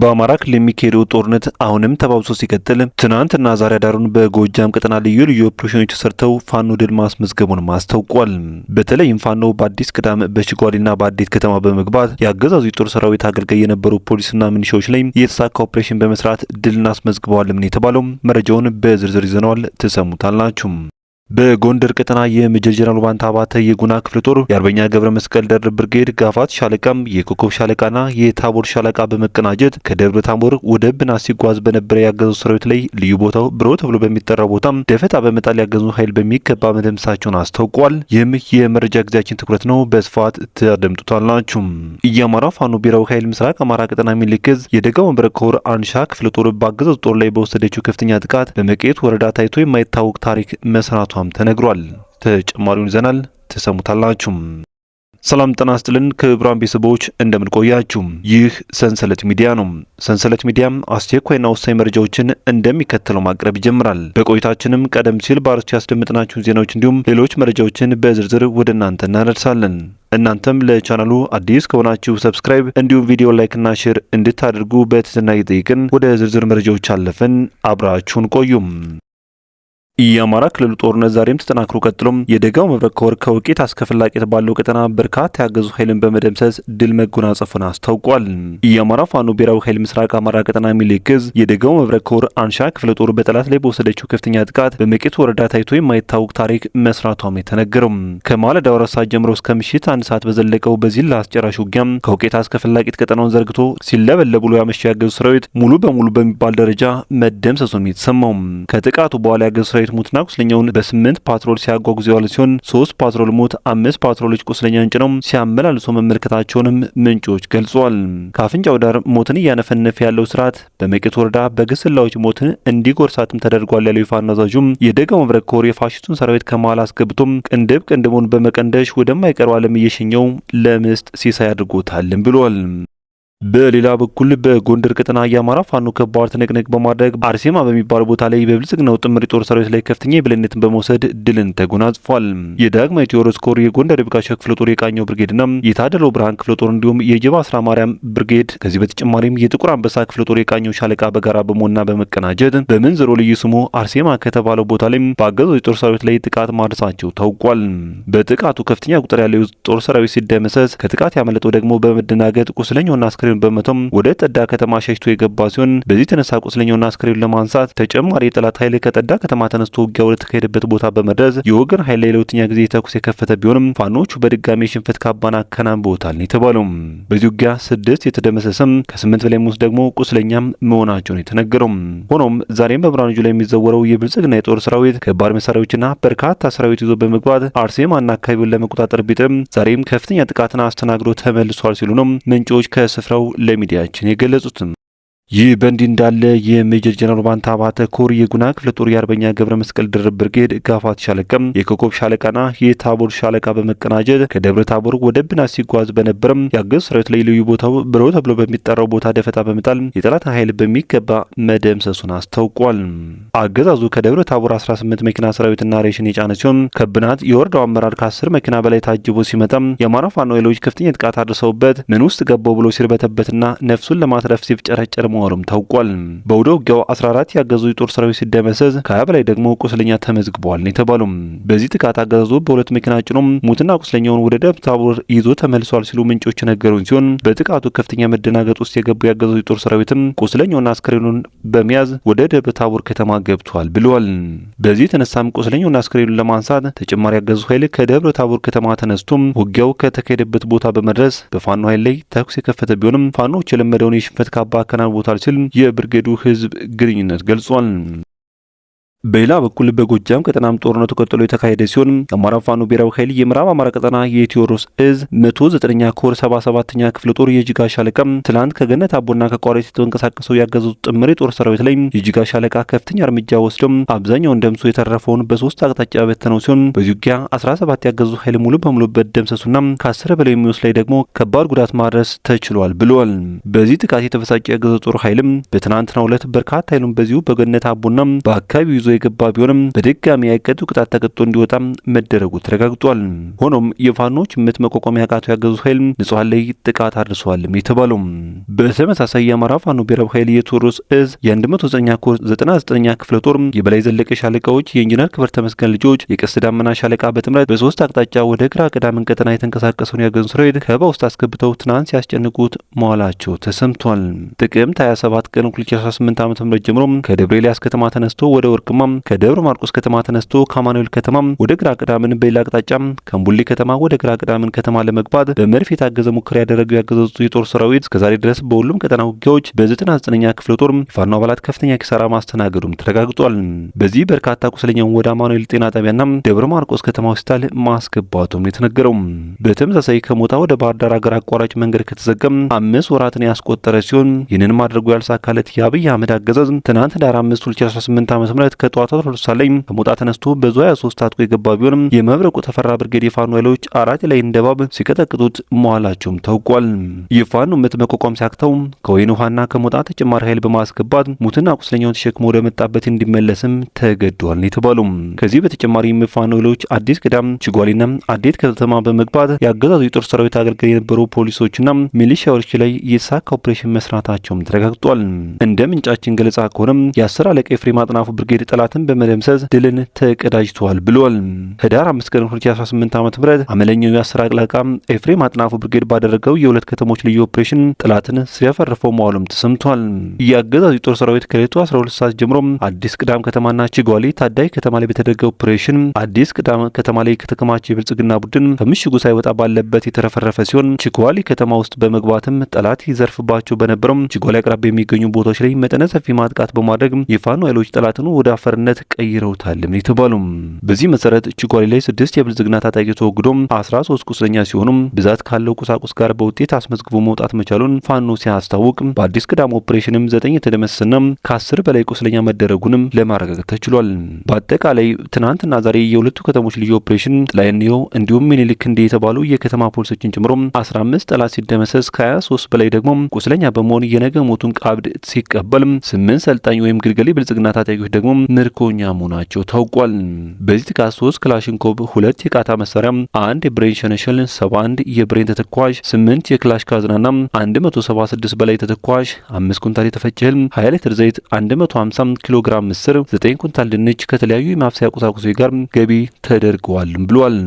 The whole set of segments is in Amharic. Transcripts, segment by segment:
በአማራ ክልል የሚካሄደው ጦርነት አሁንም ተባብሶ ሲቀጥል ትናንትና ዛሬ አዳሩን በጎጃም ቀጠና ልዩ ልዩ ኦፕሬሽኖች ተሰርተው ፋኖ ድል ማስመዝገቡንም አስታውቋል። በተለይም ፋኖ በአዲስ ቅዳም በሽጓሌና በአዴት ከተማ በመግባት የአገዛዙ የጦር ሰራዊት አገልጋይ የነበሩ ፖሊስና ሚኒሻዎች ላይ የተሳካ ኦፕሬሽን በመስራት ድል እናስመዝግበዋል። ምን የተባለው። መረጃውን በዝርዝር ይዘነዋል፣ ትሰሙታላችሁ። በጎንደር ቀጠና የሜጀር ጀነራል ባንታ አባተ የጉና ክፍለ ጦር የአርበኛ ገብረ መስቀል ደርብ ብርጌድ ጋፋት ሻለቃም የኮከብ ሻለቃና የታቦር ሻለቃ በመቀናጀት ከደብረ ታቦር ወደ ብና ሲጓዝ በነበረ ያገዙ ሰራዊት ላይ ልዩ ቦታው ብሮ ተብሎ በሚጠራው ቦታም ደፈጣ በመጣል ያገዙ ኃይል በሚገባ መደምሳቸውን አስታውቋል። ይህም የመረጃ ጊዜያችን ትኩረት ነው። በስፋት ተደምጡታላችሁ። የአማራ ፋኖ ብሔራዊ ኃይል ምስራቅ አማራ ቀጠና ሚልክዝ የደጋ ወንበረ ከወር አንሻ ክፍለ ጦር ባገዛዙ ጦር ላይ በወሰደችው ከፍተኛ ጥቃት በመቄት ወረዳ ታይቶ የማይታወቅ ታሪክ መስራቷ እንደሚጠፋም ተነግሯል። ተጨማሪውን ይዘናል፣ ትሰሙታላችሁም። ሰላም ጤና ይስጥልን ክቡራን ቤተሰቦች እንደምን ቆያችሁ? ይህ ሰንሰለት ሚዲያ ነው። ሰንሰለት ሚዲያም አስቸኳይና ወሳኝ መረጃዎችን እንደሚከተለው ማቅረብ ይጀምራል። በቆይታችንም ቀደም ሲል በአርስቲ ያስደመጥናችሁን ዜናዎች እንዲሁም ሌሎች መረጃዎችን በዝርዝር ወደ እናንተ እናደርሳለን። እናንተም ለቻናሉ አዲስ ከሆናችሁ ሰብስክራይብ እንዲሁም ቪዲዮ ላይክና ሼር እንድታደርጉ በትህትና እየጠየቅን ወደ ዝርዝር መረጃዎች አለፍን። አብራችሁን ቆዩም የአማራ ክልሉ ጦርነት ዛሬም ተጠናክሮ ቀጥሎም የደጋው መብረቅ ከወር ከውቂት አስከፍላቂት ባለው ቀጠና በርካታ ያገዙ ኃይልን በመደምሰስ ድል መጎናጸፉን አስታውቋል። የአማራ ፋኖ ብሔራዊ ኃይል ምስራቅ አማራ ቀጠና ሚሊክ የደጋው መብረቅ ከወር አንሻ ክፍለ ጦር በጠላት ላይ በወሰደችው ከፍተኛ ጥቃት በመቄት ወረዳ ታይቶ የማይታወቅ ታሪክ መስራቷም የተነገረው ከማለዳ አራት ሰዓት ጀምሮ እስከ ምሽት አንድ ሰዓት በዘለቀው በዚህ ለአስጨራሽ ውጊያም ከውቂት አስከፍላቂት ቀጠናውን ዘርግቶ ሲለበለብ ውሎ ያገዙ ሰራዊት ሙሉ በሙሉ በሚባል ደረጃ መደምሰሱም የተሰማው ከጥቃቱ በኋላ ያገዙ ሰራዊት ቤት ሙትና ቁስለኛውን በስምንት ፓትሮል ሲያጓጉዝ የዋሉ ሲሆን ሶስት ፓትሮል ሞት፣ አምስት ፓትሮሎች ቁስለኛን ጭነው ሲያመላልሶ መመልከታቸውንም ምንጮች ገልጿል። ከአፍንጫው ዳር ሞትን እያነፈነፈ ያለው ስርዓት በመቄት ወረዳ በግስላዎች ሞትን እንዲጎርሳትም ተደርጓል ያለው የፋኖ አዛዡም የደጋው መብረቅ ኮር የፋሽስቱን ሰራዊት ከመሃል አስገብቶም ቅንድብ ቅንድቡን በመቀንደሽ ወደማይቀረው ዓለም እየሸኘው ለምስጥ ሲሳይ አድርጎታልም ብሏል። በሌላ በኩል በጎንደር ቀጠና የአማራ ፋኖ ከባድ ትንቅንቅ በማድረግ አርሴማ በሚባል ቦታ ላይ በብልጽግናው ጥምር ጦር ሰራዊት ላይ ከፍተኛ የበላይነትን በመውሰድ ድልን ተጎናጽፏል። የዳግማዊ ቴዎድሮስ ኮር፣ የጎንደር የብጋሻ ክፍለ ጦር፣ የቃኘው ብርጌድና የታደለው ብርሃን ክፍለ ጦር እንዲሁም የጀባ አስራ ማርያም ብርጌድ ከዚህ በተጨማሪም የጥቁር አንበሳ ክፍለ ጦር የቃኘው ሻለቃ በጋራ በመሆንና በመቀናጀት በምንዝሮ ልዩ ስሙ አርሴማ ከተባለው ቦታ ላይም በአገዛዙ የጦር ሰራዊት ላይ ጥቃት ማድረሳቸው ታውቋል። በጥቃቱ ከፍተኛ ቁጥር ያለው ጦር ሰራዊት ሲደመሰስ ከጥቃት ያመለጠው ደግሞ በመደናገጥ ቁስለኛውና አስክሬ አስክሬን በመቶም ወደ ጠዳ ከተማ ሸሽቶ የገባ ሲሆን በዚህ ተነሳ ቁስለኛውና አስክሬን ለማንሳት ተጨማሪ የጠላት ኃይል ከጠዳ ከተማ ተነስቶ ውጊያ ወደ ተካሄደበት ቦታ በመድረስ የወገን ኃይል ላይ ለሁለተኛ ጊዜ ተኩስ የከፈተ ቢሆንም ፋኖቹ በድጋሚ ሽንፈት ካባና አከናንበውታል ነው የተባለው። በዚህ ውጊያ ስድስት የተደመሰሰም ከስምንት በላይ ሙስ ደግሞ ቁስለኛም መሆናቸውን የተነገረው። ሆኖም ዛሬም በብርሃኑ ላይ የሚዘወረው የብልጽግና የጦር ሰራዊት ከባድ መሳሪያዎችና በርካታ ሰራዊት ይዞ በመግባት አርሴማና አካባቢውን ለመቆጣጠር ቢጥም ዛሬም ከፍተኛ ጥቃትን አስተናግዶ ተመልሷል ሲሉ ነው ምንጮች ከስፍራው አስረድተው ለሚዲያችን የገለጹትም ይህ በእንዲህ እንዳለ የሜጀር ጀነራል ባንታ አባተ ኮር የጉና ክፍለ ጦር የአርበኛ ገብረ መስቀል ድርብ ብርጌድ ጋፋት ሻለቃም የኮኮብ ሻለቃና የታቦር ሻለቃ በመቀናጀት ከደብረ ታቦር ወደ ብና ሲጓዝ በነበረም የአገዙ ሰራዊት ላይ ልዩ ቦታው ብሮ ተብሎ በሚጠራው ቦታ ደፈጣ በመጣል የጠላትን ኃይል በሚገባ መደምሰሱን አስታውቋል። አገዛዙ ከደብረ ታቦር 18 መኪና ሰራዊትና ሬሽን የጫነ ሲሆን ከብናት የወረዳው አመራር ከ10 መኪና በላይ ታጅቦ ሲመጣም የአማራ ፋኖ ኃይሎች ከፍተኛ ጥቃት አድርሰውበት ምን ውስጥ ገባው ብሎ ሲርበተበትና ነፍሱን ለማትረፍ ሲፍጨረጨር መሆኑም ታውቋል። በውደ ውጊያው 14 ያገዙ የጦር ሰራዊት ሲደመሰስ ከሀያ በላይ ደግሞ ቁስለኛ ተመዝግበዋል ነው በዚህ ጥቃት አገዛዙ በሁለት መኪና ጭኖ ሙትና ቁስለኛውን ወደ ደብረ ታቦር ይዞ ተመልሷል ሲሉ ምንጮች ነገሩን ሲሆን በጥቃቱ ከፍተኛ መደናገጥ ውስጥ የገቡ ያገዙ የጦር ሰራዊትም ቁስለኛውና አስከሬኑን በመያዝ ወደ ደብረ ታቦር ከተማ ገብቷል ብለዋል። በዚህ የተነሳም ቁስለኛውና አስከሬኑን ለማንሳት ተጨማሪ ያገዙ ኃይል ከደብረ ታቦር ከተማ ተነስቶም ውጊያው ከተካሄደበት ቦታ በመድረስ በፋኖ ኃይል ላይ ተኩስ የከፈተ ቢሆንም ፋኖዎች የለመደውን የሽንፈት ካባ አከናን ቦታ አልችልም የብርጌዱ ህዝብ ግንኙነት ገልጿል። በሌላ በኩል በጎጃም ቀጠናም ጦርነቱ ቀጥሎ የተካሄደ ሲሆን የአማራ ፋኖ ብሔራዊ ኃይል የምዕራብ አማራ ቀጠና የቴዎድሮስ እዝ መቶ ኛ ኮር ሰባ ሰባተኛ ክፍለ ጦር የጅጋ ሻለቃ ትላንት ከገነት አቦና ከቋሪት የተንቀሳቀሰው ያገዙት ጥምር የጦር ሰራዊት ላይ የጅጋ ሻለቃ ከፍተኛ እርምጃ ወስዶም አብዛኛውን ደምሶ የተረፈውን በሶስት አቅጣጫ በተነው ሲሆን በዚህ ውጊያ ሰባት ያገዙ ኃይል ሙሉ በሙሉ በደምሰሱና ከአስር በላይ የሚወስ ላይ ደግሞ ከባድ ጉዳት ማድረስ ተችሏል ብለዋል። በዚህ ጥቃት የተበሳጨ ያገዘ ጦር ኃይልም በትናንትናው ዕለት በርካታ ኃይሉም በዚሁ በገነት አቦና በአካባቢው ይዞ የገባ ቢሆንም በድጋሚ ያቀዱ ቅጣት ተቀጥቶ እንዲወጣ መደረጉ ተረጋግጧል። ሆኖም የፋኖች ምት መቋቋሚያ ያቃቱ ያገዙት ኃይል ንጹሐን ላይ ጥቃት አድርሰዋልም የተባለው በተመሳሳይ የአማራ ፋኖ ብሔራዊ ኃይል የቴዎድሮስ እዝ የ109ኛ ኮር 99ኛ ክፍለ ጦር የበላይ ዘለቀ ሻለቃዎች የኢንጂነር ክብር ተመስገን ልጆች የቀስት ዳመና ሻለቃ በጥምረት በሶስት አቅጣጫ ወደ ግራ ቅዳምን ቀጠና የተንቀሳቀሰውን ያገዙ ሰራዊት ከበባ ውስጥ አስገብተው ትናንት ሲያስጨንቁት መዋላቸው ተሰምቷል። ጥቅምት 27 ቀን 2018 ዓ ም ጀምሮ ከደብረ ኤልያስ ከተማ ተነስቶ ወደ ወርቅ ከተማ ከደብረ ማርቆስ ከተማ ተነስቶ ከአማኑኤል ከተማ ወደ ግራ ቅዳምን በሌላ አቅጣጫ ከምቡሌ ከተማ ወደ ግራ ቅዳምን ከተማ ለመግባት በመድፍ የታገዘ ሙከራ ያደረገው ያገዘዙ የጦር ሰራዊት እስከዛሬ ድረስ በሁሉም ቀጠና ውጊያዎች በ99ኛ ክፍለ ጦር የፋኖ አባላት ከፍተኛ ኪሳራ ማስተናገዱም ተረጋግጧል። በዚህ በርካታ ቁስለኛውን ወደ አማኑኤል ጤና ጣቢያና ደብረ ማርቆስ ከተማ ሆስፒታል ማስገባቱም የተነገረው። በተመሳሳይ ከሞታ ወደ ባህር ዳር አገር አቋራጭ መንገድ ከተዘገም አምስት ወራትን ያስቆጠረ ሲሆን ይህንን ማድረጉ ያልሳካለት የአብይ አህመድ አገዛዝ ትናንት ዳር 5 2018 ዓ ም ከጠዋቱ 12 ሰዓት ላይ ከሞጣ ተነስቶ በዙ 23 ታጥቆ የገባ ቢሆንም የመብረቁ ተፈራ ብርጌድ የፋኖ ኃይሎች አራት ላይ እንደባብ ሲቀጠቅጡት መዋላቸውም ታውቋል። የፋኖ ምት መቋቋም ሲያክተው ከወይን ውሃና ከሞጣ ተጨማሪ ኃይል በማስገባት ሙትና ቁስለኛውን ተሸክሞ ወደመጣበት እንዲመለስም ተገዷል የተባሉ ከዚህ በተጨማሪ ፋኖ ኃይሎች አዲስ ቅዳም ችጓሊና አዴት ከተማ በመግባት የአገዛዙ የጦር ሰራዊት አገልግል የነበሩ ፖሊሶችና ሚሊሻዎች ላይ የሳካ ኦፕሬሽን መስራታቸውም ተረጋግጧል። እንደ ምንጫችን ገለጻ ከሆነም የአስር አለቃ ኤፍሬም አጥናፉ ብርጌድ ጠላትን በመደምሰስ ድልን ተቀዳጅተዋል ብሏል። ህዳር አምስት ቀን 2018 ዓ ም አመለኛው የአስር አቅላቃም ኤፍሬም አጥናፉ ብርጌድ ባደረገው የሁለት ከተሞች ልዩ ኦፕሬሽን ጠላትን ሲያፈርፈው መዋሉም ተሰምቷል። የአገዛዙ ጦር ሰራዊት ከሌቱ 12 ሰዓት ጀምሮ አዲስ ቅዳም ከተማና ችጓሌ ታዳይ ከተማ ላይ በተደረገ ኦፕሬሽን አዲስ ቅዳም ከተማ ላይ ከተከማቸ የብልጽግና ቡድን ከምሽጉ ሳይወጣ ባለበት የተረፈረፈ ሲሆን ችጓሌ ከተማ ውስጥ በመግባትም ጠላት ይዘርፍባቸው በነበረው ችጓሊ አቅራቢ የሚገኙ ቦታዎች ላይ መጠነ ሰፊ ማጥቃት በማድረግ የፋኖ ኃይሎች ጠላትን ወደ አፈ አስፈሪነት ቀይረውታልም የተባሉም። በዚህ መሰረት ችጓሊ ላይ ስድስት የብልጽግና ታጣቂ ተወግዶም አስራ ሶስት ቁስለኛ ሲሆኑም ብዛት ካለው ቁሳቁስ ጋር በውጤት አስመዝግቦ መውጣት መቻሉን ፋኖ ሲያስታውቅ በአዲስ ቅዳም ኦፕሬሽንም ዘጠኝ የተደመሰሰና ከአስር በላይ ቁስለኛ መደረጉንም ለማረጋገጥ ተችሏል። በአጠቃላይ ትናንትና ዛሬ የሁለቱ ከተሞች ልዩ ኦፕሬሽን ጥላይንዮ እንዲሁም ሚኒልክ እንዲ የተባሉ የከተማ ፖሊሶችን ጨምሮ 15 ጠላት ሲደመሰስ ከ23 በላይ ደግሞ ቁስለኛ በመሆን የነገ ሞቱን ቃብድ ሲቀበል ስምንት ሰልጣኝ ወይም ግልገሌ ብልጽግና ታጣቂዎች ደግሞ ምርኮኛ መሆናቸው ታውቋል። በዚህ ጥቃት ሶስት ክላሽንኮቭ፣ ሁለት የቃታ መሳሪያ፣ አንድ የብሬን ሸነሸል፣ 71 የብሬን ተተኳሽ፣ 8 የክላሽ ካዝናና 176 በላይ ተተኳሽ፣ 5 ኩንታል የተፈጨ እህል፣ 20 ሊትር ዘይት፣ 150 ኪሎ ግራም ምስር፣ 9 ኩንታል ድንች ከተለያዩ የማብሰያ ቁሳቁሶች ጋር ገቢ ተደርገዋል ብሏል።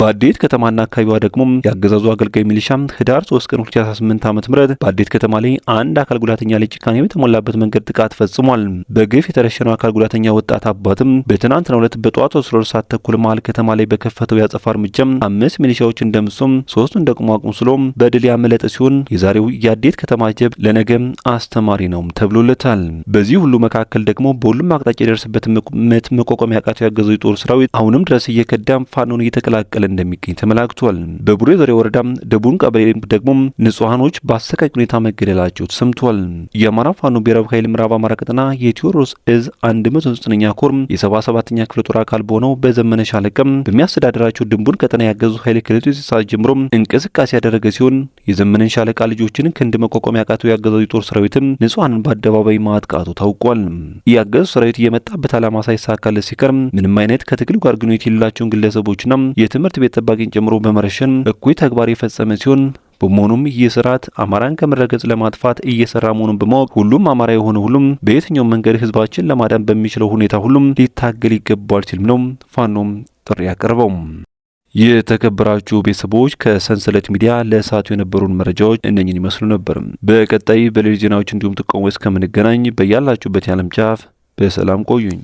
በአዴት ከተማና አካባቢዋ ደግሞ የአገዛዙ አገልጋይ ሚሊሻ ህዳር 3 ቀን 2018 ዓ ም በአዴት ከተማ ላይ አንድ አካል ጉዳተኛ ላይ ጭካኔ በተሞላበት መንገድ ጥቃት ፈጽሟል። በግፍ የተረሸነው አካል ጉዳተኛ ወጣት አባትም በትናንትናው ዕለት በጠዋቱ 12 ሰዓት ተኩል መሀል ከተማ ላይ በከፈተው ያጸፋ እርምጃም አምስት ሚሊሻዎች እንደምሱም ሶስቱን ደግሞ አቁስሎ በድል ያመለጠ ሲሆን የዛሬው የአዴት ከተማ ጀብ ለነገ አስተማሪ ነው ተብሎለታል። በዚህ ሁሉ መካከል ደግሞ በሁሉም አቅጣጫ የደረሰበት ምት መቋቋም ያቃተው ያገዛዙ የጦር ሰራዊት አሁንም ድረስ እየከዳም ፋኖን እየተቀላቀ እየተፈናቀለ እንደሚገኝ ተመላክቷል። በቡሬ ዙሪያ ወረዳ ደቡን ቀበሌ ደግሞ ንጹሐኖች በአሰቃቂ ሁኔታ መገደላቸው ተሰምቷል። የአማራ ፋኖ ብሔራዊ ኃይል ምዕራብ አማራ ቀጠና የቴዎድሮስ እዝ 19 ኛ ኮር የ77ኛ ክፍለ ጦር አካል በሆነው በዘመነ ሻለቀም በሚያስተዳደራቸው ድንቡን ቀጠና ያገዙ ኃይል ክልቱ ሰዓት ጀምሮ እንቅስቃሴ ያደረገ ሲሆን የዘመነን ሻለቃ ልጆችን ክንድ መቋቋም ያቃተው ያገዛዙ የጦር ሰራዊትም ንጹሐንን በአደባባይ ማጥቃቱ ታውቋል። ያገዙ ሰራዊት የመጣበት አላማ ሳይሳካለት ሲቀር ምንም አይነት ከትግል ጋር ግንኙነት የሌላቸውን ግለሰቦችና የትም ትምህርት ቤት ጠባቂን ጨምሮ በመረሸን እኩይ ተግባር የፈጸመ ሲሆን በመሆኑም ይህ ስርዓት አማራን ከምድረገጽ ለማጥፋት እየሰራ መሆኑን በማወቅ ሁሉም አማራ የሆነ ሁሉም በየትኛው መንገድ ህዝባችን ለማዳን በሚችለው ሁኔታ ሁሉም ሊታገል ይገባል ሲልም ነው ፋኖም ጥሪ ያቀርበው። የተከበራችሁ ቤተሰቦች ከሰንሰለት ሚዲያ ለእሳቱ የነበሩን መረጃዎች እነኝን ይመስሉ ነበር። በቀጣይ በሌሎች ዜናዎች እንዲሁም ጥቆሞ እስከምንገናኝ በያላችሁበት የዓለም ጫፍ በሰላም ቆዩኝ።